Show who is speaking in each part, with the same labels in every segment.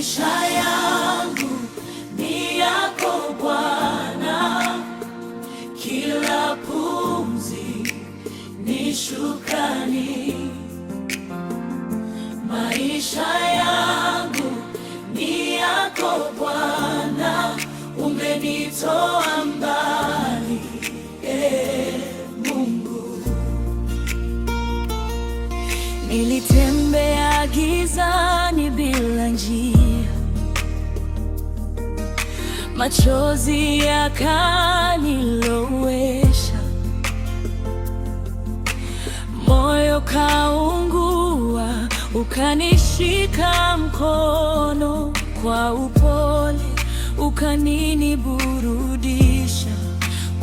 Speaker 1: Maisha yangu ni yako Bwana, kila pumzi ni shukrani. Maisha yangu ni yako Bwana, umenitoa
Speaker 2: machozi yakanilowesha, moyo kaungua, ukanishika mkono kwa upole, ukaniniburudisha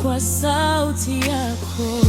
Speaker 2: kwa sauti yako.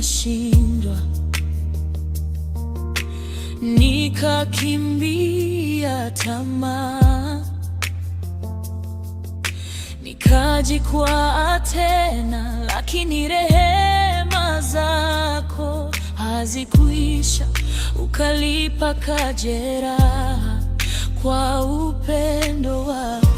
Speaker 2: nikashindwa, nikakimbia tamaa, nikajikwaa tena, lakini rehema zako hazikuisha, ukalipa kajeraha kwa upendo wako.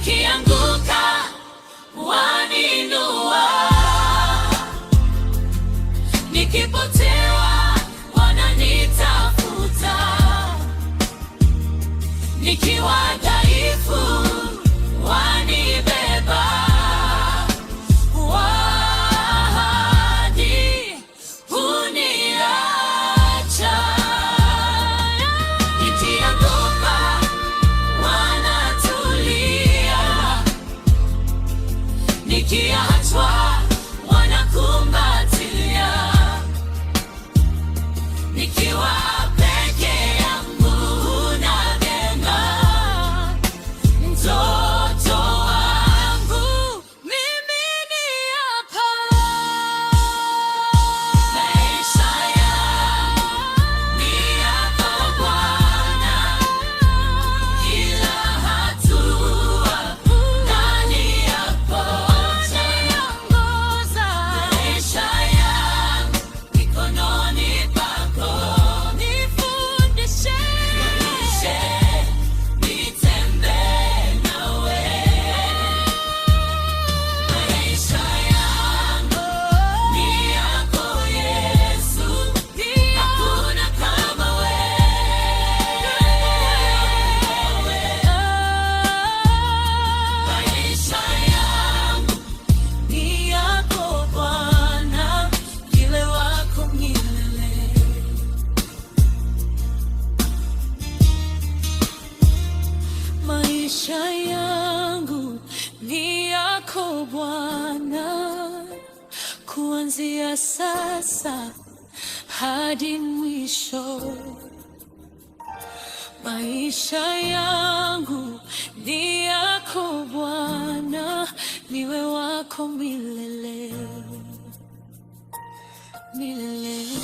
Speaker 1: nikianguka waninua, nikipotewa wananitafuta nikiwa iki ağaç var.
Speaker 2: yako Bwana, kuanzia sasa hadi mwisho. Maisha yangu ni yako Bwana, niwe wako milele milele.